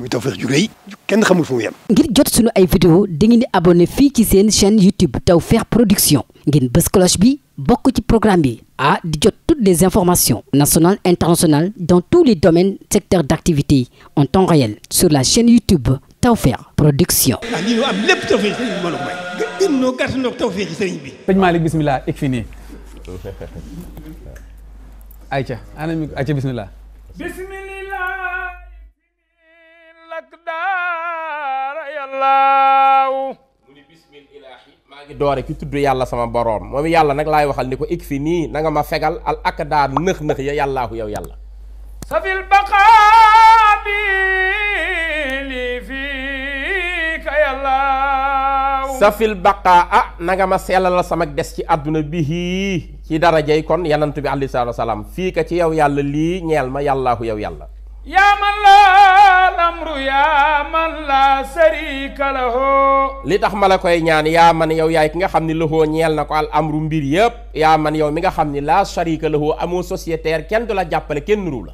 muy Tawfekh ju rëy kenn xamul fu mu yem. ngir jot sunu ay vidéo dangeen di abonné fii ci seen chaîne YouTube Tawfekh Production ngeen bës cloche bi bokk ci programme bi ah di jot toutes les informations nationales internationales dans tous les domaines secteurs d'activité en temps réel sur la chaîne YouTube Tawfekh Production. Ah, la may. gën noo gàtt noo Tawfekh sëriñ bi. sëñ Malick akdaara yàllaaw mu ni maa ngi doore ci tudd yàlla sama boroom moom yàlla nag laay waxal ni ko ig nii na ma fegal al akdaar nëx-nëx ya yàllaahu yow yàlla safil ah, sellalal sama des ci àdduna bihi ci darajay kon yanantu bi alayhi salaatu salaam fii ka ci yow yàlla lii ñeel ma yàllaahu yow yàlla yaa man laa lamru yaa man laa sarika li tax ma la koy ñaan yaa man yow yaay ki nga xam ni lahoo ñeel na ko al amru mbir yëpp yaa man yow mi nga xam ni laa sarika lahu amoo sociétaire kenn du la jàppale kenn nuru la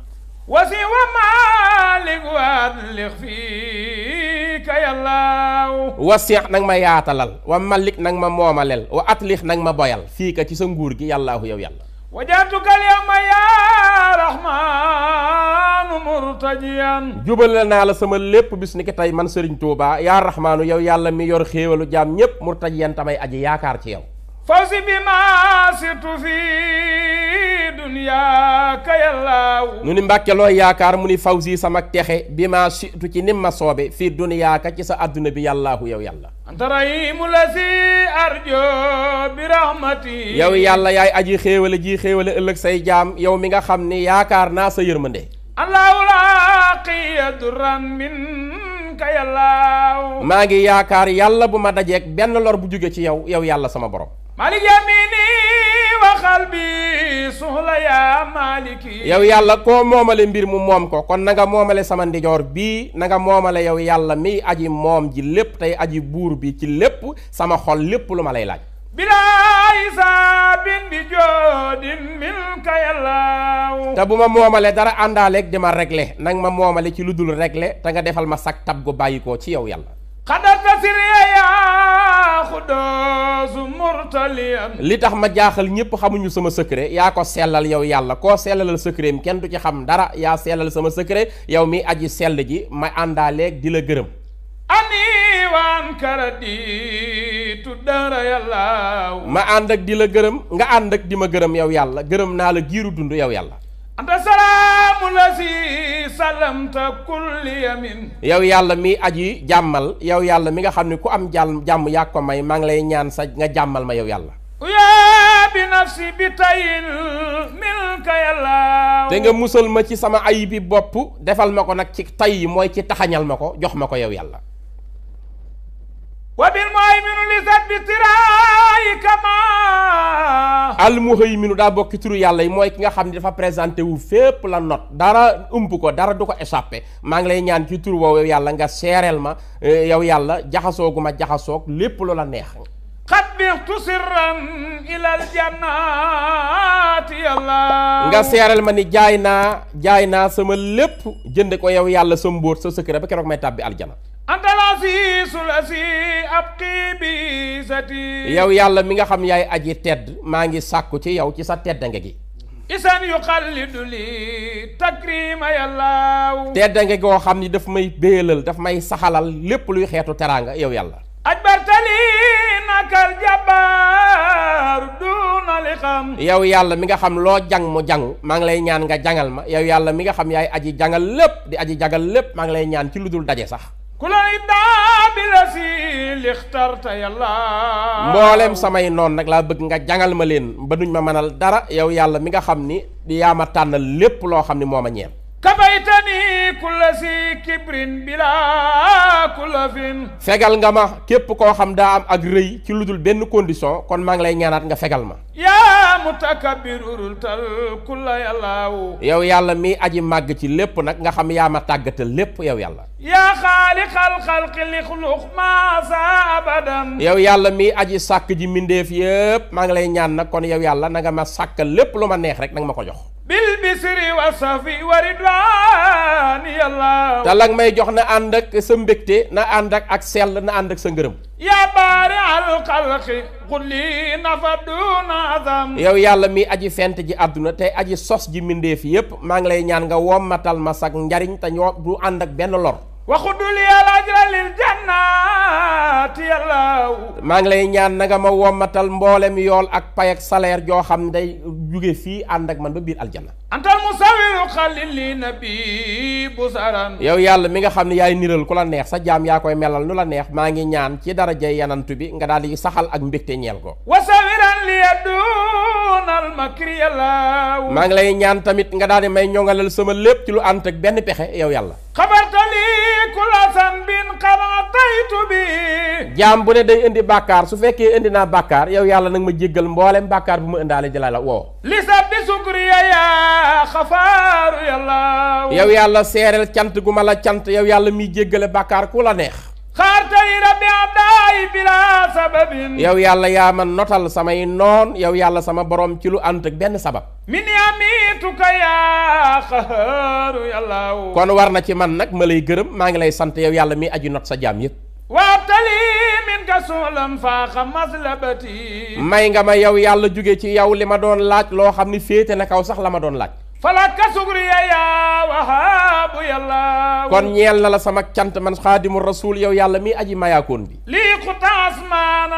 wasi wa maalik waadlix fiika yàllaaw wasix nag ma yaatalal wa malik nag ma moomalel wa atlix nag ma boyal fiika ci sa nguur gi yàllaahu yow yàlla wajaatuka alyawma yaa rahmaanu murtajiyan jubale naa la sama lépp bis ni tey man sëriñ Touba yaa rahmaanu yow yàlla mi yor xéewalu jaam ñépp murtajiyan tamay aji yaakaar ci yow fawsi bi ma sirtu fi dunya ka yàllaaw ni mbàkke looy yaakaar mu ni si sama texe bi ma sirtu ci nim ma soobe fii dunya ka ci sa àdduna bi yàllaahu yow yàlla anta rahimu la si arjo bi rahmati yow yàlla yaay aji xéewale ji xéewale ëllëg say jaam yow mi nga xam ni yaakaar naa sa yërmande allahu laaqiya duran minka yàllaaw maa ngi yaakaar yàlla bu ma dajeeg benn lor bu jóge ci yow yow yàlla sama borom malik yamini wa xalbi suxla ya maliki yow yàlla koo moomale mbir mu moom ko kon na nga moomale sama ndijoor bii nanga moomale yow yàlla miy aji moom ji lépp tey aji buur bi ci lépp sama xol lépp lu ma lay laaj bilaa isaabin bi joodin milka yàllaaw te bu ma moomale dara àndaaleeg di ma regle nang ma moomale ci lu dul regle te nga defal ma sag tab gu bàyyikoo ci yow yàlla xadarta siriya yaa xudoosu li tax ma jaaxal ñëpp xamuñu sama secret yaa ko sellal yow yàlla koo sellalal secret kenn du ci xam dara yaa sellal sama secret yow mi aji sell ji ma àndaaleeg di la gërëm aniwaan karaditu dara yàlla ma ànd ak di la gërëm nga ànd ak di ma gërëm yow yàlla gërëm naa la giiru dund yow yàlla anta salaamu la si salamta kulli yamin yow yàlla mi aji jàmmal yow yàlla mi nga xam ne ku am jàmm jàmm yaa ko may maa ngi lay ñaan sa nga jàmmal ma yow yàlla yaa bi nafsi bi tayil milka yàlla te nga musal ma ci sama ayibi bopp defal ma ko nag ci tay mooy ci taxañal ma ko jox ma ko yow yàlla wabilmuhayminu li sat bi tirayi kama almuhayminu daa bokki turu yàlla yi mooy ki nga xam ni dafa présenté wu fépp la not dara ëmp ko dara du ko échappé maa ngi lay ñaan ci tur woowu yow yàlla nga seereel ma eh, yow yàlla jaxasoogu ma jaxasoog lépp lu la neex xat nga seereel ma ni jaay naa jaay naa sama lépp jënd ko yow yàlla sa mbóot sa secret ba keroog may tàbbi aljana anta al-aziizul aziiz abqi bi izzati yow yàlla mi nga xam yaay aji tedd maa ngi sàkku ci yow ci sa teddange gi isan yuxallidu li takrima yàllaaw teddange goo xam ni dafa may béyalal daf may saxalal lépp luy xeetu teraanga yow yàlla ajbartali nakal jabaar duna li xam yow yàlla mi nga xam loo jàng mu jàng maa ngi lay ñaan nga jangal ma yow yàlla mi nga xam yaay aji jangal lépp di aji jagal lépp maa ngi lay ñaan ci lu dul daje sax kulay mboolem samay noon nag laa bëgg nga jangal ma leen ba duñ ma mënal dara yow yàlla mi nga xam ni di yaa ma tànnal lépp loo xam ni moo ma kafaytani kulla si kibrin bila kulafin fegal nga ma képp koo xam daa am ak rëy ci lu dul benn condition kon maa ngi lay ñaanaat nga fegal ma yaa mutakabbirul tal kulla yàllaawu yow yàlla mii aji màgg ci lépp nag nga xam yaa ma tàggatal lépp yow yàlla yaa xaaliqal xalqi li xuluq maa abadan yow yàlla mii aji sàkk ji mbindeef yépp maa ngi lay ñaan nag kon yow yàlla na nga ma sàkkal lépp lu ma neex rek nag ma ko jox bilbisri wa safi wa ridwan yàlla te may jox na ànd ak sa mbégte na ànd ak ak sell na ànd ak sa ngërëm yaa baari alxalqi xulli nafa duna azam yow yàlla mi aji fent ji àdduna tey aji sos ji mbindéef yépp maa ngi lay ñaan nga wommatal ma sag njariñ te ñoo du ànd ak benn lor waxudul yàlla jëlal jannaati yàlla maa ngi lay ñaan na nga ma wommatal mboolem yool ak pay ak salaire joo xam day juge fii ànd ak man ba biir aljanna antal musawiru xalil li nabi bu saran yow yàlla mi nga xam ne yaay niral ku la neex sa jaam yaa koy melal nu la neex maa ngi ñaan ci dara daraja yanantu bi nga daal di saxal ak mbégte ñeel ko wasawiran li yadunal makri yàlla maa ngi lay ñaan tamit nga daal di may ñoŋalal sama lépp ci lu ànd ak benn pexe yow yàlla xabartali ku la san bin xarataytu bi jaam bu ne day indi bàkkaar su fekkee indi naa bàkkaar yow yàlla nag ma jéggal mboolem bàkkaar bu ma indaale jëla la li sabbi sukriya yaa xafaaru yàlla yow yàlla seereel cant gu ma la cant yow yàlla miy jéggale bàkkaar ku la neex xaarta yi rabbi abdaay bilaa sababin yow yàlla yaa ma notal samay noon yow yàlla sama boroom ci lu ànd ak benn sabab min yamituka yaa xahaaru yàlla kon war na ci man nag ma lay gërëm maa ngi lay sant yow yàlla mi aji not sa jaam yépp waa may nga ma yow yàlla jóge ci yow li ma doon laaj loo xam ni féete na kaw sax la ma doon laaj falaka sugriya yaa wahaabu yàlla kon ñeel na la sama cant man xaadimu rasul yow yàlla mii aji mayaakoon bi la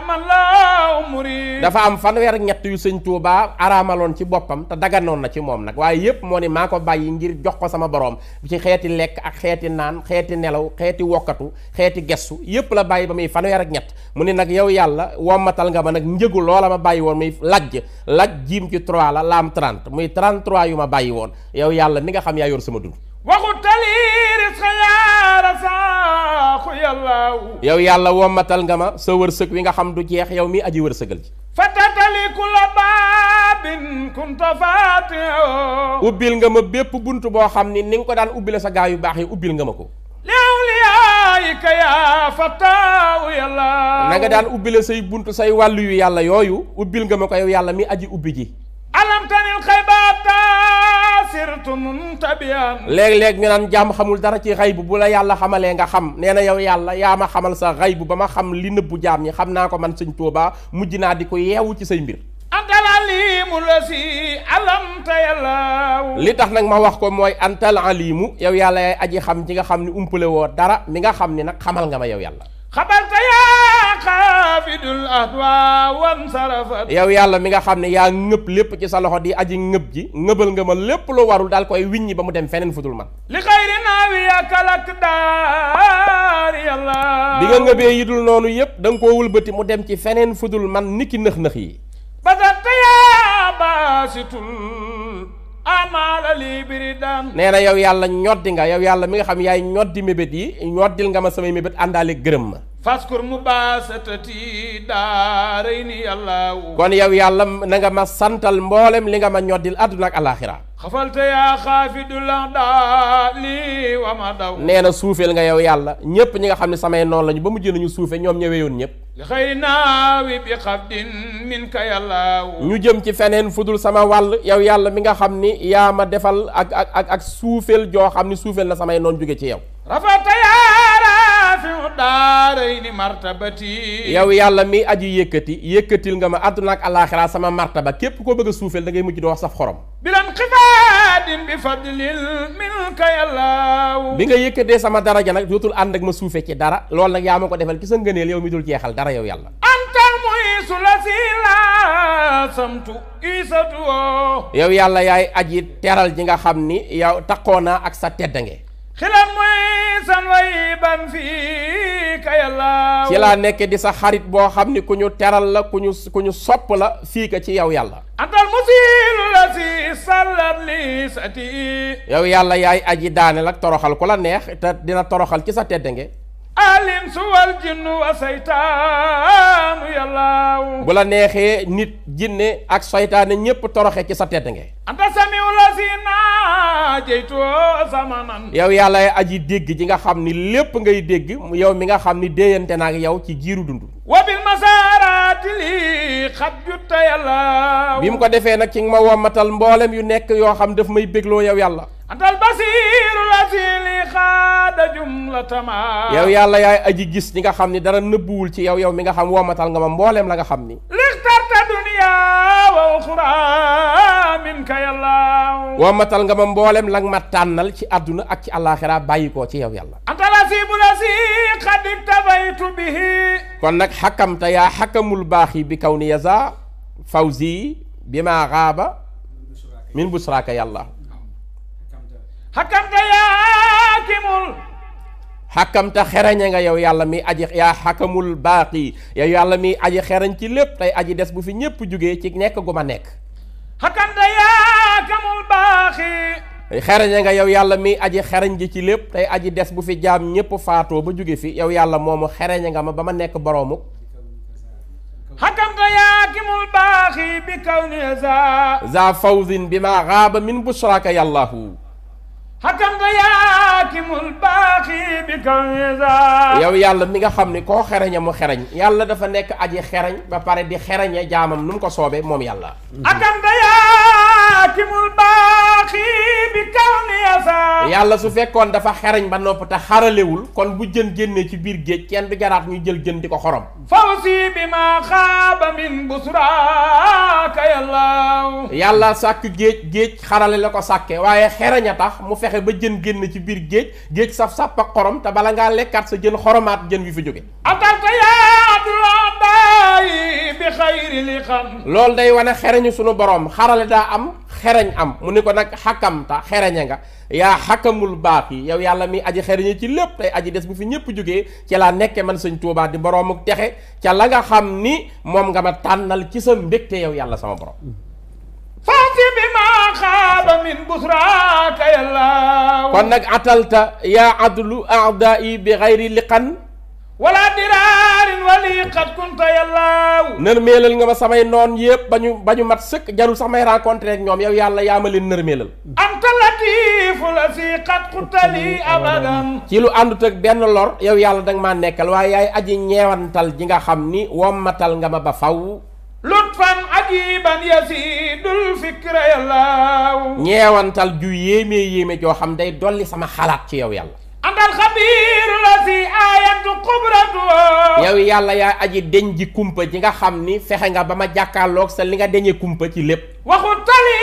man laaw dafa am fanweer ñett yu sëñ Tuubaa araamaloon ci boppam te daganoon na ci moom nag waaye yépp moo ni maa ko bàyyi ngir jox ko sama boroom ci xeeti lekk ak xeeti naan xeeti nelaw xeeti wokkatu xeeti gestu yépp la bàyyi ba muy fanweer ak ñett mu ni nag yow yàlla wommatal nga ma nag njëgu loola ma bàyyi woon muy lajj laj jiim ci 33 yu ma bàyyi woon yow yàlla mi nga xam yaa yor sama dund yow yàlla wommatal nga ma sa wërsëg wi nga xam du jeex yow mi aji wërsëgal ji ubbil nga ma bépp bunt boo xam ni ni nga ko daan ubbile sa gaa yu baax yi ubbil nga ma ko na nga daan ubbile say bunt say wàll yu yàlla yooyu ubbil nga ma ko yow yàlla mi aji ubbi ji léeg-léeg ñu naan jàmm xamul dara ci xaybu bu la yàlla xamalee nga xam nee na yow yàlla yaa ma xamal sa xaybu ba ma xam li nëbbu jaam yi xam naa ko man sëñ Tuubaa mujj naa di ko yeewu ci say mbir antal alimu la si alamta yàlla li tax nag ma wax ko mooy antal alimu yow yàlla yaay aji xam ci nga xam ni umpale woo dara mi nga xam ni nag xamal nga ma yow yàlla xabalta ya xaafidul yow yàlla mi nga xam ne yaa ngëb lépp ci sa loxo di aji ngëb ji ngëbal nga ma lépp lu warul daal koy wiññi ba mu dem feneen fudul man li xayri naawi yakalak daar yàlla bi nga ngëbee yi dul noonu yépp da nga koo wëlbati mu dem ci feneen fudul man niki nëx-nëx yi basata yaa baasitul amaala lii biridan nee na yow yàlla ñoddi nga yow yàlla mi nga xam yaay ñoddi mébét yi ñoddil nga ma samay mébét àndaale gërëm ma faskur mu baasatati daaray ni yàlla kon yow yàlla na nga ma santal mboolem li nga ma ñoddil àdduna ak alaaxira xafalte yaa xaafidul daali wa ma daw nee na suufeel nga yow yàlla ñépp ñi nga xam ne samay noonu lañu ba mujj nañu suufe ñoom ñëwee yoon ñépp li xëy naawi bi xafdin min ka yàlla ñu jëm ci feneen fudul sama wàll yow yàlla mi nga xam ni yaa ma defal ak ak ak ak suufeel joo xam ni suufeel na samay noon jóge ci yow rafata yaa yow yàlla mi aji yëkkati yëkkatil nga ma àdduna ak alaaxira sama martaba képp koo bëgg a suufeel da ngay mujj di wax saf xorom bi nga yëkkatee sama daraja nag dootul ànd ak ma suufe ci dara loolu nag yaa ma ko defal ci sa ngëneel yow mi dul jeexal dara yow yàlla yow yàlla yaay aji teral ji nga xam ni yow taqoonaa ak sa teddange xilam mooy san way ban fii ka yàlla ci laa nekke di sa xarit boo xam ni ku ñu teral la ku ñu ku ñu sopp la fii ka ci yow yàlla antal musilu la si sallat li sati yow yàlla yaay aji daaneel ak toroxal ku la neex dina toroxal ci sa teddange alinsu wal jinnu wa saytaanu yàllaaw bu la neexee nit jinne ak seytaane ñépp toroxe ci sa tedd nge anta samiu la yow yàlla aji dégg ji nga xam ni lépp ngay dégg yow mi nga xam ni déeyante naak yow ci giiru dund wa bil masaaraati li xat jutta yàllaaw bi mu ko defee nag ci nga ma wommatal mboolem yu nekk yoo xam dafa may bégloo yow yàlla anta albasiru lati li xaada jumlatama yow yàlla yaay aji gis ñi nga xam ni dara nëbbuwul ci yow yaw mi nga xam woomatal nga ma mbooleem la nga xam ni lixtarta dunia wa uxra minka yàlla woomatal nga ma mbooleem la nga ma tànnal ci àdduna ak ci àllaaxira bàyyi koo ci yow yàlla anta lasibu lasi xad iktabaytu bihi kon nag xakamta yaa xakamul baax yi bi kaw ni fawzi bi maa xaaba min busraaka yàlla xakamta yaakimul xakamta xerañe nga yow yàlla mi aji yaa xakamul baaqi yow yàlla mi aji xerañ ci lépp tey aji des bu fi ñépp jógee ci nekk gu ma nekk xakamta yow yàlla mi aji xerañ ji ci lépp tey aji des bu fi jaam ñépp faatoo ba jóge fi yow yàlla moomu xerañe nga ma ba ma nekk boroomuk xakamta yaakimul baaxi bi kaw ni za fawzin bi ma xaaba min bushraka yàllahu xakamta yaakimul baaxi bi kaw yow yàlla mi nga xam ni ko xereña mu xereñ yàlla dafa nekk aji xereñ ba pare di xereñe jaamam nu mu ko soobee moom yàlla akamta yaa yàlla su fekkoon dafa xereñ ba nopp te xaralewul kon bu jën génnee ci biir géej kenn bi jaraat ñu jël jën di ko xorom fawsi bi ma xaaba min busraaka yàlla yàlla sàkk géej géej xarale la ko sàkke waaye xereñ a tax mu fexe ba jën génn ci biir géej géej saf sàpp ak xorom te bala ngaa lekkaat sa jën xoromaat jën wi fi jóge loolu day wane xereñu suñu boroom xarale daa am xereñ am mu ni ko nag xakkam ta xereñe nga yaa xakkamul baax yi yow yàlla mi aji xereñe ci lépp tey aji des bu fi ñëpp jógee ci laa nekke man sëñ Tuubaa di boroomuk texe ca la nga xam ni moom nga ma tànnal ci sa mbégte yaw yàlla sama borom faati bi ma xaaba min busraaka yàlla kon nag atalta yaa adlu aada bi xayri liqan wala diraarin wali qad kunta yàllaaw nërmeelal nga ma samay noon yëpp ba ñu ba ñu mat sëkk jarul sax may rencontré ñoom yow yàlla yaa ma leen nërmeelal anta latifu la si qad xutali abadan ci lu àndut ak benn lor yow yàlla danga maa nekkal waaye yaay aji ñeewantal ji nga xam ni wommatal nga ma ba faw lutfan ajiban yasidul fikra yàllaaw ñeewantal ju yéemee yéeme joo xam day dolli sama xalaat ci yow yàlla yow yàlla yaa aji deñ ji nga xam ni fexe ba ma jàkkaarloog sa li nga deñee kumpa ci lépp waxu tali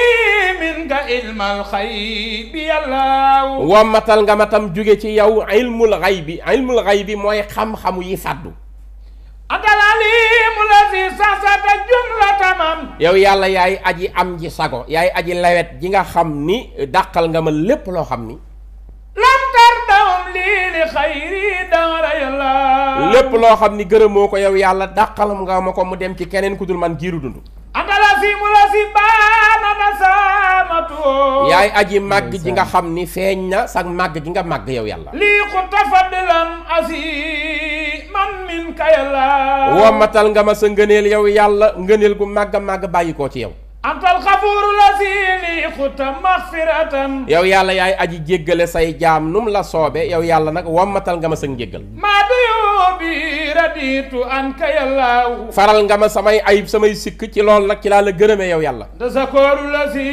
nga ilmal tam jóge ci yow ilmul xay bi ilmul xay bi mooy xam-xamu yi fàddu yow yàlla yaay aji am ji sago yaay aji lawet ji nga xam ni daqal nga ma lépp loo xam ni lépp loo xam ni gërëmoo ko yow yàlla dàqalam nga ma ko mu dem ci keneen ku dul man giiru dund yaay aji màgg ji nga xam ni feeñ na sag màgg ji nga màgg yow yàlla lii ko tafadilan asi man min ka womatal nga ma sa ngëneel yow yàlla ngëneel gu màgg màgg bàyyi koo ci yow antal xafuuru la siili xuta maxfiratan yow yàlla yaay aji jéggale say jaam num la soobe yow yàlla nag wammatal nga ma sa njéggal maa dayoo bi raditu an ka yàllaaw faral nga ma samay ayib samay sikk ci lool nag ci laa la gërëmee yow yàlla dasakooru la si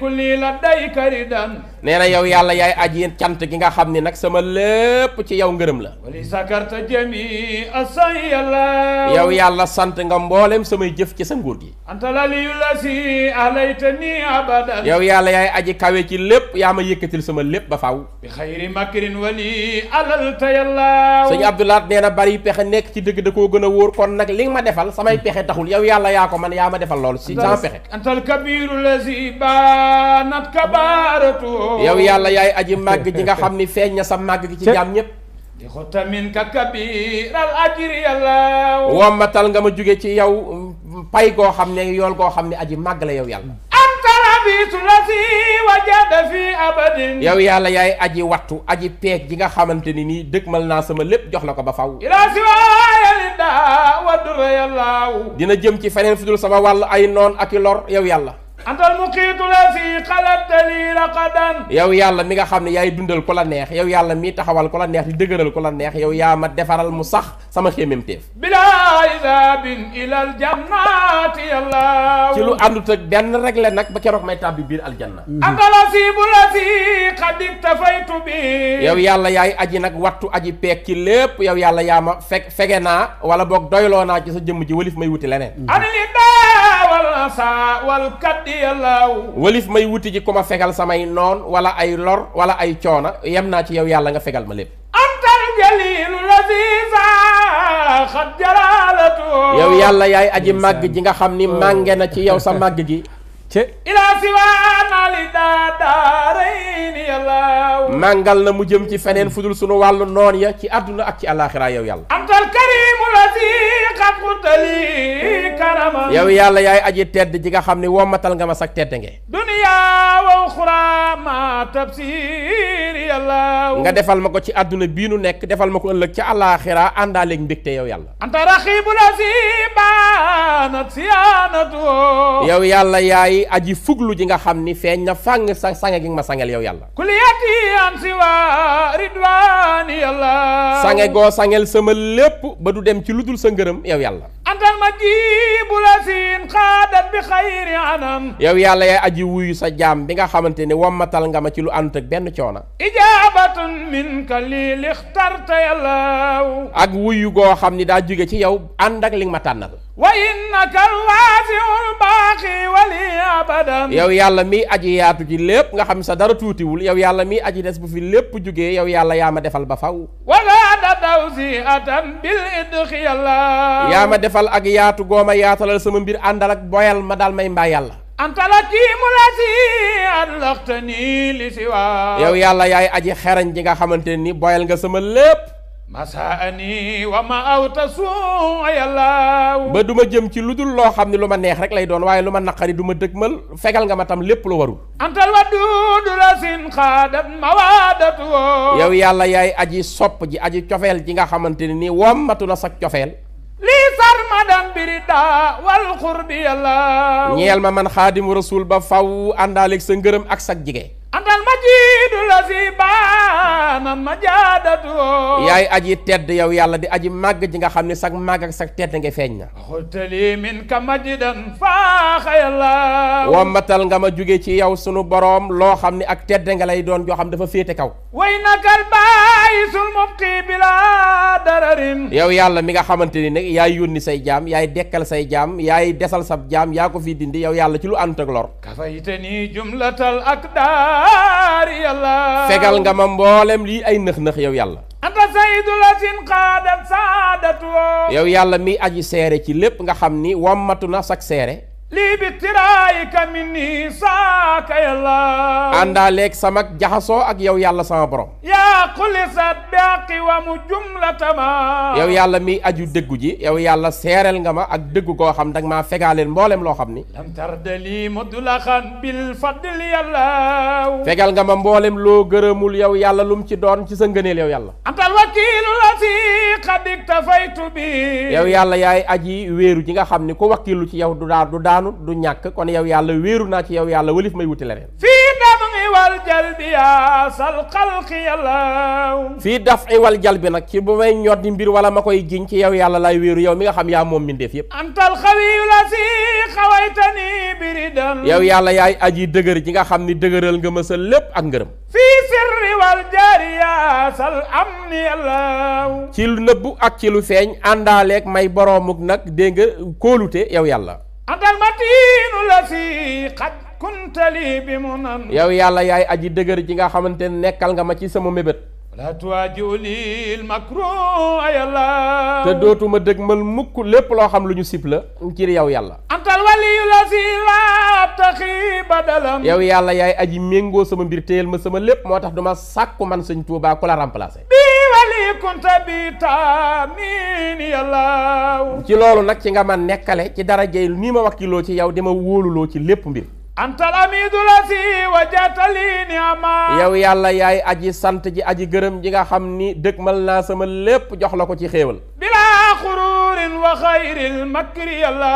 kulli la day karidan nee na yow yàlla yaay aji cant gi nga xam ni nag sama lépp ci yow ngërëm la sakarta jami asay yàlla yàlla sant nga mboolem samay jëf ci sa nguur gi antalaliyu la si alaytani abadan yaw yàlla yaay aji kawe ci lépp yaa ma yëkkatil sama lépp ba faaw bi xayri makrin wali alalta yàlla sëñ abdoulaat nee na bari pexe nekk ci dëkk da koo gën a wóor kon nag li ma defal samay pexe taxul yow yàlla yaa ko man yaa ma defal loolu si sans pexe antal kabiru la si banat kabaratu Oh. yow yàlla yaay aji màgg ji nga xam ni feeñ na sa màgg gi ci jaam ñépp di xotamin ka kabiral ajri yàlla wommatal nga ma jóge ci yow mm, pay goo xam ne yool goo xam ne aji màgg la yow yàlla yow yàlla yaay aji wattu aji peeg ji nga xamante ni nii dëgmal naa sama lépp jox la ko ba faw dina jëm ci feneen fi dul sama wàll ay noon ak i lor yow yàlla antal muqiitu la fii a raqadan yow yàlla mi nga xam ne yaay dundal ko la neex yow yàlla mi taxawal ko la neex di dëgëral ko la neex yaw yaa ma defaral mu sax sama xéemém téef bilaa isaabin ilal jannati yàlla ci lu àndut ak benn regle nag ba keroog may tàbbi biir aljanna mhm. antal asiibu la fii xadik tafaytu bi yow yàlla yaay aji nag wattu aji peek ci lépp yow yàlla yaa ma feg fege naa wala boog doyloo naa ci sa jëmm ji walif may wuti leneen yàllaaw walif may wuti ji ku ma fegal samay noon wala ay lor wala ay coona yem naa ci yow yàlla nga fegal ma lépp antal jalilu lasiisa xat jalaalatu yow yàlla yaay aji màgg ji nga xam ni mànge na ci yow sa màgg ji màngal na mu jëm ci feneen fudul sunu wàll noon ya ci àdduna ak ci àllaaxira yow yàlla antal karimu lazi xaqutali karama yow yàlla yaay aji tedd ji nga xam ne wommatal nga ma sag tedd nge dunya wa yàlla nga defal ma ko ci àdduna bii nu nekk defal ma ko ëllëg ci àllaaxira àndaaleeg mbégte yow yàlla anta raxibu lazi baanat siyaanatu yow yàlla yaay mooy aji fuglu ji nga xam ni feeñ na fàng sa sange gi nga ma sangel yow yàlla kuliyati an siwa ridwani yàlla sange goo sangel sama lépp ba du dem ci lu dul sa ngërëm yow yàlla anta almajibu lasin xaadat bi xayri anam yow yàlla yaay aji wuyu sa jaam bi nga xamante ni wammatal nga ma ci lu àndut ak benn coona ijabatun minka lii lixtarta yàllaw ak wuyu goo xam ni daa jóge ci yow ànd ak li nga ma tànnal wa innaka alwaasiul baaqi wali abadan yow yàlla miy aji yaatu ji lépp nga xam sa dara tuutiwul yow yàlla miy aji des bu fi lépp jógee yow yàlla yaa ma defal ba faw yaa ma defal ak yaatu gooma yaatalal sama mbir àndal ak boyal ma daal may mbaa yàlla antala kii mu la si allaxtani li si waa yow yàlla yaay aji xerañ ji nga xamante ni boyal nga sama lépp masaani wa ma awtasu yàlla ba du ma jëm ci lu dul loo xam ne lu ma neex rek lay doon waaye lu ma naqari du ma dëgmal fegal nga ma tam lépp lu warul antal wa duudu rasin xaadat mawaadatu yow yàlla yaay aji sopp ji aji cofeel ji nga xamante ne nii wommatu na sag cofeel lii sarmadan birida wal xurbi yàlla ñeel ma man xaadimu rasul ba faw àndaaleeg sa ngërëm ak sag jige anta almajidu lazi baana majaadatu yaay aji tedd yow yàlla di aji màgg ji nga xam ne sag màgg ak sag tedd nga feeñ na xultali min ka majidan faaxa yàlla wambatal nga ma jóge ci yow sunu boroom loo xam ne ak tedd nga lay doon joo xam dafa féete kaw way nakal bàyyi sul mubqi bila dararin yow yàlla mi nga xamante ni nag yaay yónni say jaam yaay dekkal say jaam yaay desal sab jaam yaa ko fi dindi yow yàlla ci lu ànd ak lor kafaytani jumlatal akdaar fegal nga ma mbooleem lii ay nëx-nëx yow yàlla anta sayyidul asin qaadat yow yàlla mi aji seere ci lépp nga xam ni wammatu na sak seere lii bi tiraayika minni saaka yàlla àndaaleeg sama jaxasoo ak yow yàlla sama borom yaa xulisat yow yàlla mi aju dëggu ji yow yàlla seereel nga ma ak dëggu koo xam danga maa fegaaleel mboolem loo xam ni lam tardali mudlaxan bil fadl yàlla fegal nga ma mboolem loo gërëmul yow yàlla lu mu ci doon ci sa ngëneel yow yàlla antal wakiilu lati xadik tafaytu bi yow yàlla yaay aji wéeru ji nga xam ni ku wakiilu ci yow du daal du daal daanu kon yow yàlla wéeru naa yow yàlla walif may wuti leneen fii dafi wal jalbi yàlla fii dafi wal nag ci bu may ñot mbir wala ma koy jiñ ci yow yàlla lay wéeru yow mi nga xam yaa moom mbindeef yépp antal xawiyu la si xawaytani biridan yow yàlla yaay aji dëgër ji nga xam ni dëgëral nga ma lépp ak ngërëm fii sirri wal jaari yaa sal am ni yàlla ci lu nëbbu ak ci lu feeñ àndaaleeg may boroomuk nag dégg kóolute yow yàlla anta almatinu lati yow yàlla yaay aji dëgër ji nga xamante ne nekkal nga ma ci sama mébét la tuwaajiu lil makru yàlla mukk lépp loo xam lu ñu sib la ngir yow yàlla antal yow yàlla yaay aji méngoo sama mbir téyel ma sama lépp moo tax duma sàkku man sëñ Tuubaa ku la remplacer ci loolu nag ci nga man nekkale ci dara darajey nii ma wakkiloo ci yow di ma wóoluloo ci lépp mbir antal amidu la si wajatali ni ama yow yàlla yaay aji sant ji aji gërëm ji nga xam ni dëgmal naa sama lépp jox la ko ci xéewal bilaa xururin wa xayril makri yàlla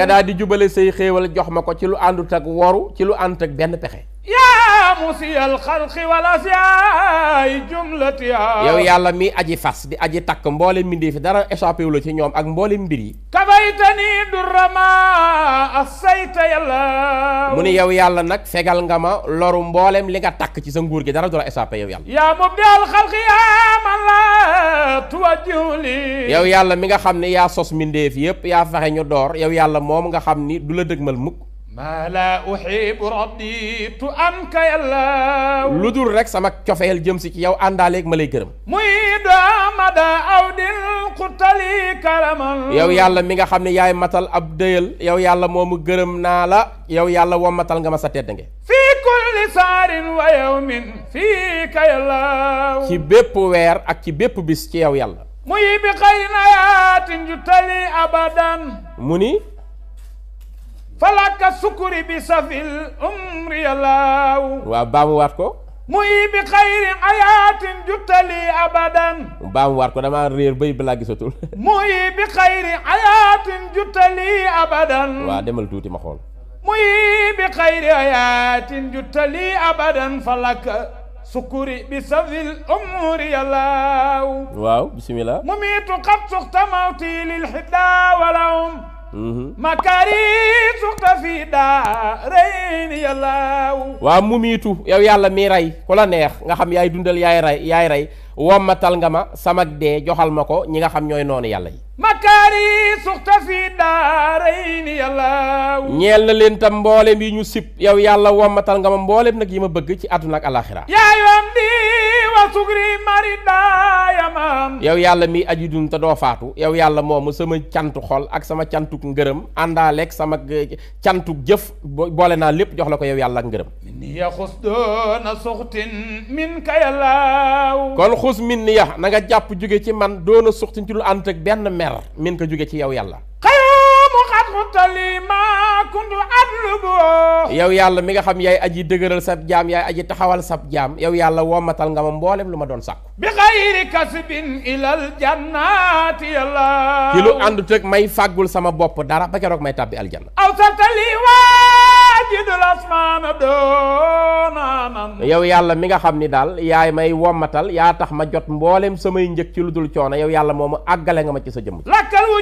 nga daal di jubale say xéewal jox ma ko ci lu àndut ak woru ci lu ànd ak benn pexe yow yàlla mi aji fas di aji takk mboole mbindéef fi dara échappé wu la ci ñoom ak mboolem mbir yi. mu ni yow yàlla nag fegal nga ma loru mboolem li nga takk ci sa nguur gi dara du la échappé yow yàlla. yow yàlla mi nga xam ne yaa sos mbindéef yëpp yaa fexe ñu door yow yàlla moom nga xam ni du la dëgmal mukk ma la uhibbu raditu anka yàlla lu dul rek sama cofeel jëm si ci yow àndaaleeg ma lay gërëm muy doomada aw dil xutali karaman yow yàlla mi nga xam ne yaay matal ab dëyal yow yàlla moo moomu gërëm naa la yow yàlla woo matal nga ma sa tedd nge kulli saarin wa yawmin fii ka yàlla ci bépp weer ak ci bépp bis ci yow yàlla muy bi xayrin ayaatin abadan mu ni falaka sukuri bi safil umri yallaaw waaw baamu waat ko muy bi xayri ayatin juttali abadan baamu waat ko dama réer bay balaa gisatul muy bi xayri ayatin juttali abadan waaw demal tuuti ma xool muy bi xayri ayatin juttali abadan falaka sukuri bi safil umri yallaaw waaw bisimila mu miitu xat suxta mawti lil xidda walawum Mm-hmm. makaari suqta fii daa rey yàllaaw waaw mu miitu yow yàlla mi rey ku la neex nga xam yaay dundal yaay rey yaay rey wommatal nga ma sama dee joxal ma ko ñi nga xam ñooy noonu yàlla yi makaari suxta fi daarayni yàlla ñeel na leen tam mboolem yi ñu sib yow yàlla wommatal nga ma mboolem nag yi ma bëgg ci àdduna ak alaxira yaayom di wa sugri mari daayamam yow yàlla mi aji dun te doo faatu yow yàlla moomu sama cantu xol ak sama cantuk ngërëm àndaaleeg sama cantuk jëf boole naa lépp jox la ko yow yàlla ak ngërëm ya xus doona suxtin min ka yàlla kon xus min ya na jàpp jóge ci man doona suxtin ci lu ànd ak benn mer leer min ko jóge ci yaw yàlla yow yàlla mi nga xam yaay aji dëgëral sab jaam yaay aji taxawal sab jaam yow yàlla wommatal nga ma mboolem lu ma doon sàkku bi xayri kasbin ilal jannaati yàlla ci lu àndut ak may fàggul sama bopp dara ba keroog may tàbbi aljanna aw sartali waa yow yàlla mi nga xam ni daal yaay may wommatal yaa tax ma jot mboolem samay njëg ci lu dul coono yow yàlla moomu àggale nga ma ci sa jëmm lakkal wu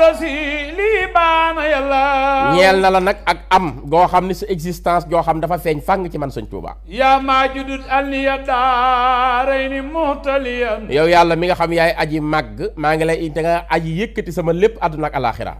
la si lii baana yàlla ñeel na la nag ak am goo xam ni sa existence goo xam dafa feeñ fàng ci man sëñ Tuubaa yaa maa judut alniya daaray ni muhtaliyan yow yàlla mi nga xam yaay aji màgg maa ngi lay te nga aji yëkkati sama lépp àdduna ak alaaxira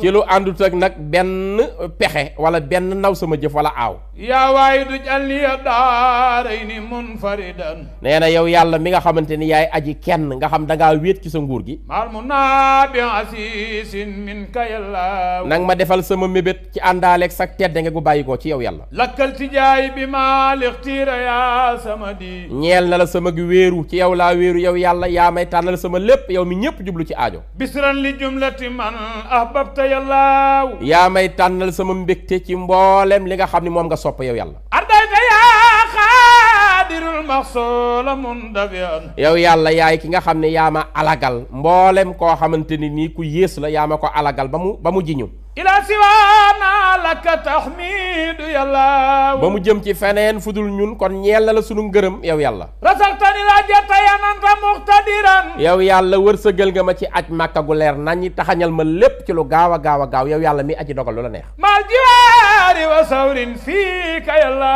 ci lu àndut ak nag benn pexe wala benn naw sama jëf wala aaw yaa waaye du jàlliya daaray ni munfaridan nee na yow yàlla mi nga xamante ni yaay aji kenn nga xam da ngaa wéet ci sa nguur gi mal mu naa bi asisin min ka yàlla nang ma defal sama mébét ci àndaaleeg sak tedde nga gu bàyyi koo ci yow yàlla lakkal tijaay bi maa lixtiira yaa sama di ñeel na la sama wéeru ci yow laa wéeru yow yàlla yaa may tànnal sama lépp yow mi ñëpp jublu ci aajo bisran li jumlati man ahbab ahbabta yàllaaw yaa may tànnal sama mbégte ci mboolem li nga xam ni moom nga sopp yow yàlla ardayta yaa xaadirul maxsoola mundabian yow yàlla yaay ki nga xam ne yaa ma alagal mboolem koo xamante ni nii ku yées la yaama ko alagal ba mu ba mu jiñu ilaa siwaana laka taxmiidu yàlla ba mu jëm ci feneen fudul ñun kon ñeel na la sunu ngërëm yow yàlla rasaltani la jata yananta muxtadiran yow yàlla wërsëgal nga ma ci aj màkka gu leer nañi taxañal ma lépp ci lu gaaw a gaaw a gaaw yow yàlla mi aji dogal lu la neex mal jiwaari wa sawrin fiika yàlla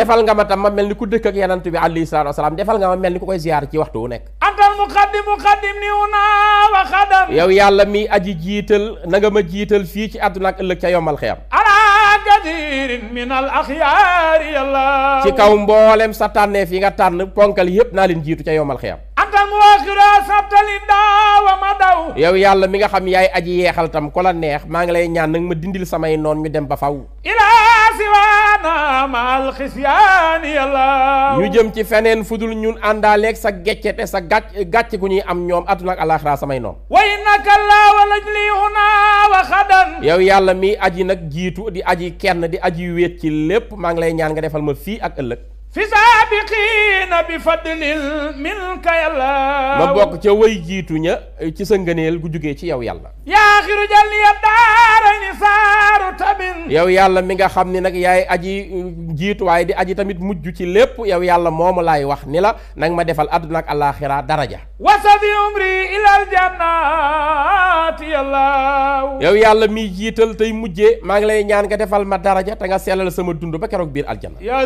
defal nga ma tam ma mel ni ku dëkk ak yanant bi alayhi salaatu wasalaam defal nga ma mel ni ku koy ziyaar ci waxtu wu nekk muqaddim muqaddim ni una wa xadam yow yàlla mi aji jiital na ma jiital fii ci àdduna ak ëllëg ca yomal xiyam ala kadirin min al yàlla ci kaw mboolem sa tànneef yi nga tànn ponkal yépp naa leen jiitu ca yomal xiyam antal muwaxira sabtali daawa ma daw yow yàlla mi nga xam yaay aji yeexal tam ko la neex maa ngi lay ñaan nag ma dindil samay noon ñu dem ba faw ñu jëm ci feneen fudul ñun àndaaleeg sa gecce te sa gàcc gàcc gu ñuy am ñoom àdduna ak alaaxira samay noon yow yàlla mi aji nag jiitu di aji kenn di aji wéet ci lépp maa ngi lay ñaan nga defal ma fii ak ëllëg fi saabiqiina bi fadlil minka yàlla ma bokk ca way jiitu ña eh, ci sa ngëneel gu jógee ci yow yàlla yaa xiru jël ya daara ni saaru tabin yow yàlla mi nga xam ni nag yaay aji eh, jiitu waaye di aji tamit mujj ci lépp yow yàlla moomu laay wax ni la nag ma defal àdduna ak àllaaxira daraja wasabi umri ilal jannaati yàlla yow yàlla mi jiital tey mujjee maa ngi lay ñaan nga defal ma daraja te nga sellal sama dund ba keroog biir aljanna yaa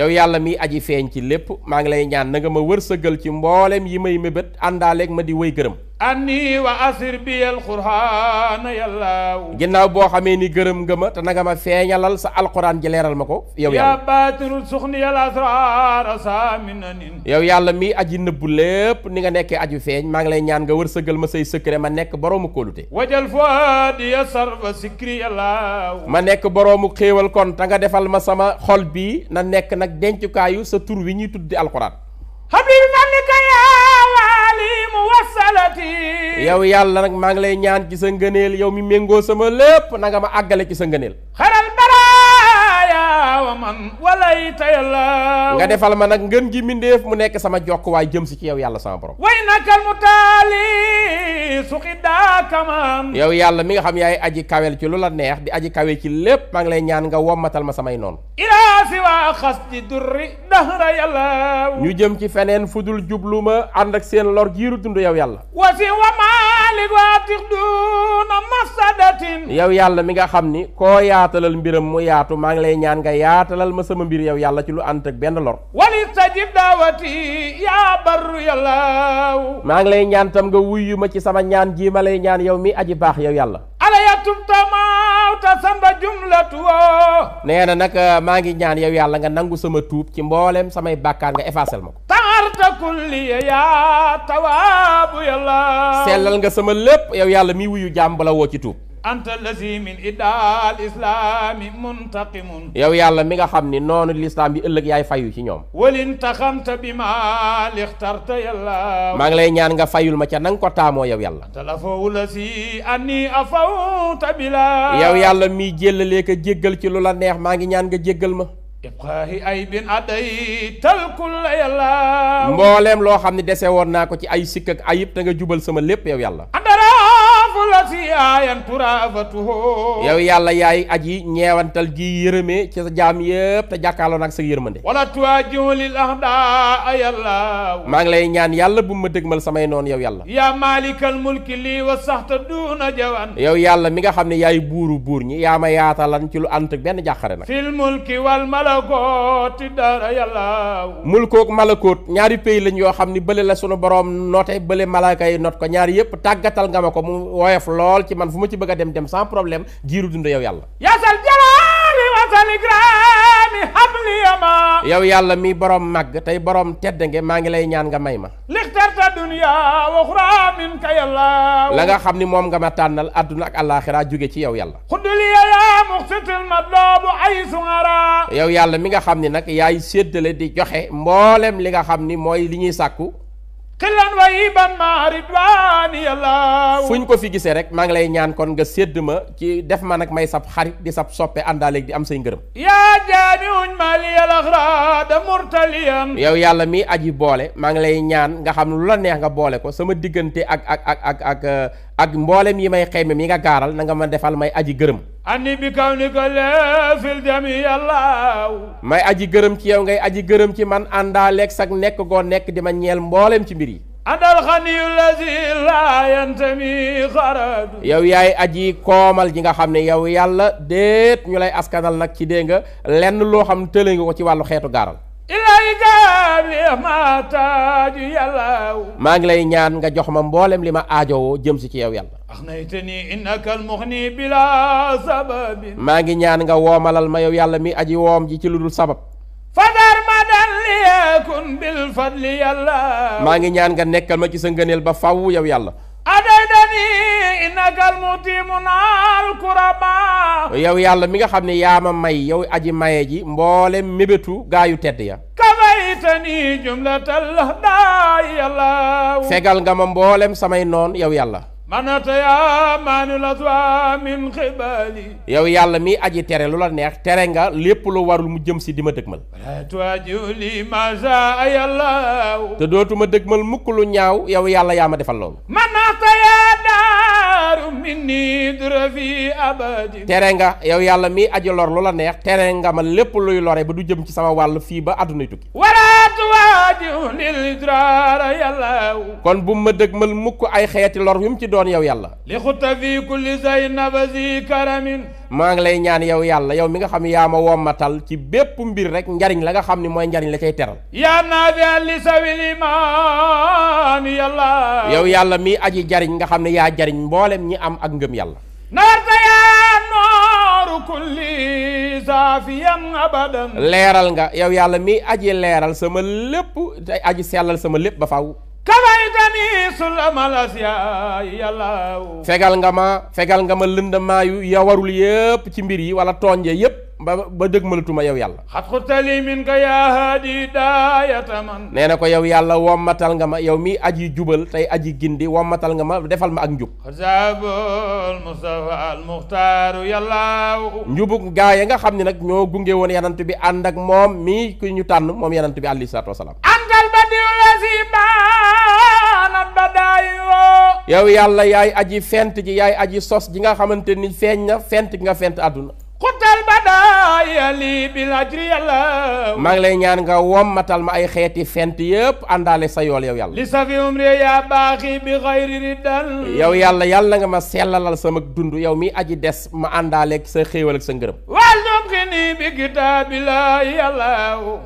yow yàlla mi aji feeñ ci lépp maa ngi lay ñaan na nga ma wërsëgal ci mboolem yi may mébét àndaaleeg ma di woy gërëm anni wa asir bi al quraan ginnaaw boo xamee ni gërëm nga ma te nanga ma feeñalal sa alquran ji ma ko yow yàlla ya baatinul suxni al asraar asaminanin yow yàlla mi aji nëbbu lépp ni nga nekkee aju feeñ maa ngi lay ñaan nga wërsëgal ma say secret ma nekk boroomu kóolute wajal fuadi ya sarfa sikri yàllaaw ma nekk boroomu xéewal kon te nga defal ma sama xol bi na nekk nag dencukaayu sa tur wi ñuy tuddi alquran habib yow yàlla nag maa ngi lay ñaan ci sa ngëneel yow mi méngoo sama lépp na ma àggale ci sa ngëneel man walayta yàlla nga defal ma nag ngën gi mindeef mu nekk sama jokk waay jëm si ci yow yàlla sama borom way nakal mu taali suqi daakaman yow yàlla mi nga xam yaay aji kawel ci lu la neex di aji kawe ci lépp maa ngi lay ñaan nga wommatal ma samay noonu ilaa si waa xas di durri dahra yàlla ñu jëm ci feneen fu dul jublu ma ànd ak seen lor giiru dund yow yàlla wasi wamaalik waatix duna masadatin yow yàlla mi nga xam ni koo yaatalal mbiram mu yaatu maa ngi yaatalal ma sama mbir yow yàlla ci lu ànd ak benn lor wali sajib daawati yaa barru yàllaw maa ngi lay ñaan tam nga wuyu ma ci sama ñaan jii ma lay ñaan yow mi aji baax yow yàlla nee na nag eh, maa ngi ñaan yow yàlla nga nangu sama tuub ci mbooleem samay bàkkaar nga effacel ma ko sellal nga sama lépp yow yàlla mi wuyu jaam bala woo ci tuub anta lazi min idaal islaami muntaqimun yow yàlla mi nga xam ni noonu lislaam bi ëllëg yaay fayu ci ñoom walin taxamta bi ma lixtarta yàlla maa ngi lay ñaan nga fayul ma ca na ko taamoo yow yàlla talafawu la si anni yow yàlla miy jéllalee ko jéggal ci lu la neex maa ngi ñaan nga jéggal ma ibqaahi ay bin aday talkul la yàlla mbooleem loo xam ne dese woon naa ko ci ay sikk ak ayib te nga jubal sama lépp yow yàlla yow yàlla yaay aji ñeewantal ji yërëmee ci sa jaam yëpp te jàkkaarloo ak sa yërmande wala tuwajihu lil a yàlla maa ngi lay ñaan yàlla bu ma dëgmal samay noon yow yàlla yaa maalikal mulki lii wa saxta duuna jawan yow yàlla mi nga xam ne yaay buuru buur ñi yaa ma yaatalan ci lu ànd ak benn jàqare nag fil mulki wal malakooti dara yàlla mulkook malakoot ñaari pays lañ yoo xam ni bële la sunu borom noote bële malaaka not ko ñaari yëpp tàggatal nga lool ci man fu ma ci bëgg a dem dem sans problème giiru dund yow yàlla yasal jalaali wasal ikraami habli yama yow yàlla mi boroom màgg tey boroom tedd nge maa ngi lay ñaan nga may ma lixtarta dunya wa uxra minka yàlla la nga xam ni moom nga ma tànnal àdduna ak àllaaxira jóge ci yow yàlla xudduliya yaa muxsitil matlubu ay sungara yow yàlla mi nga xam ni nag yaay séddale di joxe mboolem li nga xam ni mooy li ñuy sàkku xilan wa iban ma ko fi gisee rek maa ngi lay ñaan kon nga sédd ma ci def ma nag may sab xarit di sab soppe àndaaleeg di am say ngërëm yaa jaamiuñ maliyal axraada murtaliyan yow yàlla mii mi aji boole maa ngi lay ñaan nga xam lu la neex nga boole ko sama diggante ak ak ak ak ak ak mbooleem yi may xayma mi nga gaaral na nga ma defal may aji gërëm ani bi ni ko leefil jami yàllaaw may aji gërëm ci yow ngay aji gërëm ci man àndaaleeg sag nekk goo nekk di ma ñeel mbooleem ci mbir yi andal xaniyu lazi laa yantami xaradu yow yaay aji koomal ji nga xam ne yow yàlla déet ñu lay askanal nag ci dégg nga lenn loo xam tële nga ko ci wàllu xeetu gaaral maa ngi lay ñaan nga jox ma mboolem li ma aajowoo jëm si ci yow yàlla. maa ngi ñaan nga woomalal ma yow yàlla mi aji woom ji ci lu dul sabab. maa ngi ñaan nga nekkal ma ci sa ngëneel ba faw yow yàlla. innakal yow yàlla mi nga xam ne yaa ma may yow aji maye ji mboole mébétu gaa yu tedd ya kabaytani fegal nga ma mboolem samay noon yow yàlla manata yaa maanu la min xibali yow yàlla mi aji tere lu la neex tere nga lépp lu warul mu jëm si di ma dëgmal tuajuli masa yàlla te dootuma dëgmal mukk lu ñaaw yow yàlla yaa ma defal loolu tere nga yow yàlla mi aji lor lu la neex tere nga ma lépp luy lore ba du jëm ci sama wàll fii ba àddunay tukki kon bu ma dëgmal mukk ay xeeti lor yu ci doon yow yàlla maa ngi lay ñaan yow yàlla yow mi nga xam yaa ma wommatal ci bépp mbir rek njariñ la nga xam ni mooy njariñ la cay teral yow yàlla mi aji jariñ nga xam ne yaa jariñ am ak ngëm yàlla naarta yaa leeral nga yow yàlla mi aji leeral sama lépp aji sellal sama lépp ba faw kabaytani sulamal asyaa yàlla fegal nga ma fegal nga ma lëndamaayu yawarul yëpp ci mbir yi wala tooñ yëpp ba ba dëgmalatuma yow yàlla xat xutali min ka yaa haadi daayata man nee na ko yow yàlla wommatal nga ma yow mi aji jubal tey aji gindi wommatal nga ma defal ma ak njub xasabul mustafa al njubug gaa nga xam ni nag ñoo gunge woon yanant bi ànd ak moom mii ku ñu tànn moom yanant bi alayhi salaatu wasalaam antal badiu la si baanat badaayo yow yàlla yaay aji fent ji yaay aji sos ji nga xamante ni feeñ na fent gi nga fent àdduna maa ngi lay ñaan nga wommatal ma ay xeeti fent yëpp àndaale sa yool yow yàlla. li safi umri yaa baaxi bi xayri ridan yow yàlla yàlla nga ma sellalal sama dund yow mi aji des ma àndaaleeg sa xéewal ak sa ngërëm. wal numkini bi kitaabilaa yàlla.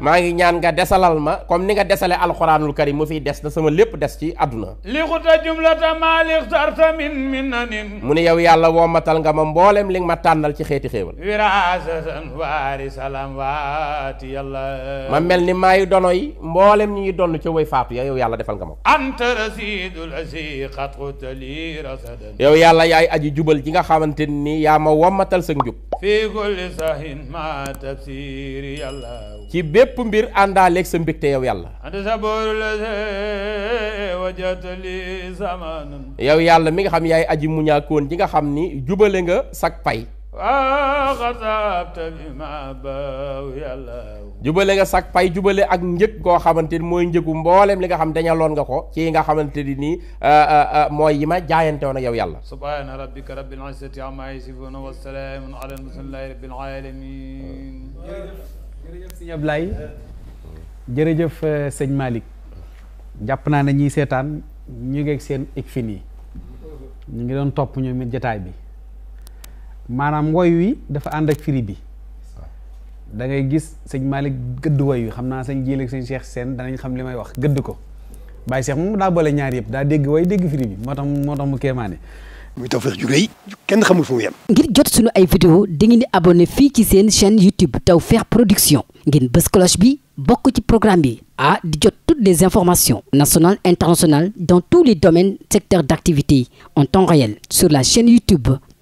maa ngi ñaan nga desalal ma comme ni nga desale alxuraanul karim mu fiy des na sama lépp des ci àdduna. li jumlata maa li xtarta min minanin mu ne yow yàlla wommatal nga ma mboolem li nga ma tànnal ci xeeti anwaari ma mel ni maayu dono yi mboolem ñi ñuy donn ca way faatu ya yàlla defal nga ma ko. anta rasidul asi xatxutali rasadan. yow yàlla yaay aji jubal ji nga xamante ni yaa ma wommatal sa njub. fii kulli sahin ma tafsiri yàlla. ci bépp mbir àndaaleeg sa mbégte yow yàlla. anta yàlla mi nga xam yaay aji muñaakoon ji nga xam ni jubale nga sak pay. jubale nga sag pay jubale ak njëg koo xamante ni mooy njëgu mbooleem li nga xam dañaloon nga ko ci nga xamante ni nii euh, euh, euh, mooy yi ma jaayante woon ak yow yàlla subhaana rabbika rabbil izzati ammaa yasifuun wa salaamun alal mursaliin jërëjëf sëñ Ablaye jàpp naa na ñiy seetaan ñu ngeeg seen ik fin yi ñu ngi doon topp ñoom it jataay bi maanaam woy wi dafa ànd ak firi bi da ngay gis sëñ Malick gëdd woy wi xam naa sëñ Jéel ak sëñ Cheikh seen danañ xam li may wax gëdd ko Baye Cheikh moom daa boole ñaar yëpp daa dégg woy dégg firi bi moo tax moo tax mu kéemaane. muy Tawfekh ju rëy kenn xamul fu mu ngir jot suñu ay vidéo dangeen di abonné fii ci seen chaîne YouTube Tawfekh Production ngeen bës cloche bi bokk ci programme bi ah di jot toutes les informations nationales internationales dans tous les domaines secteurs d'activité en temps réel sur la chaîne YouTube.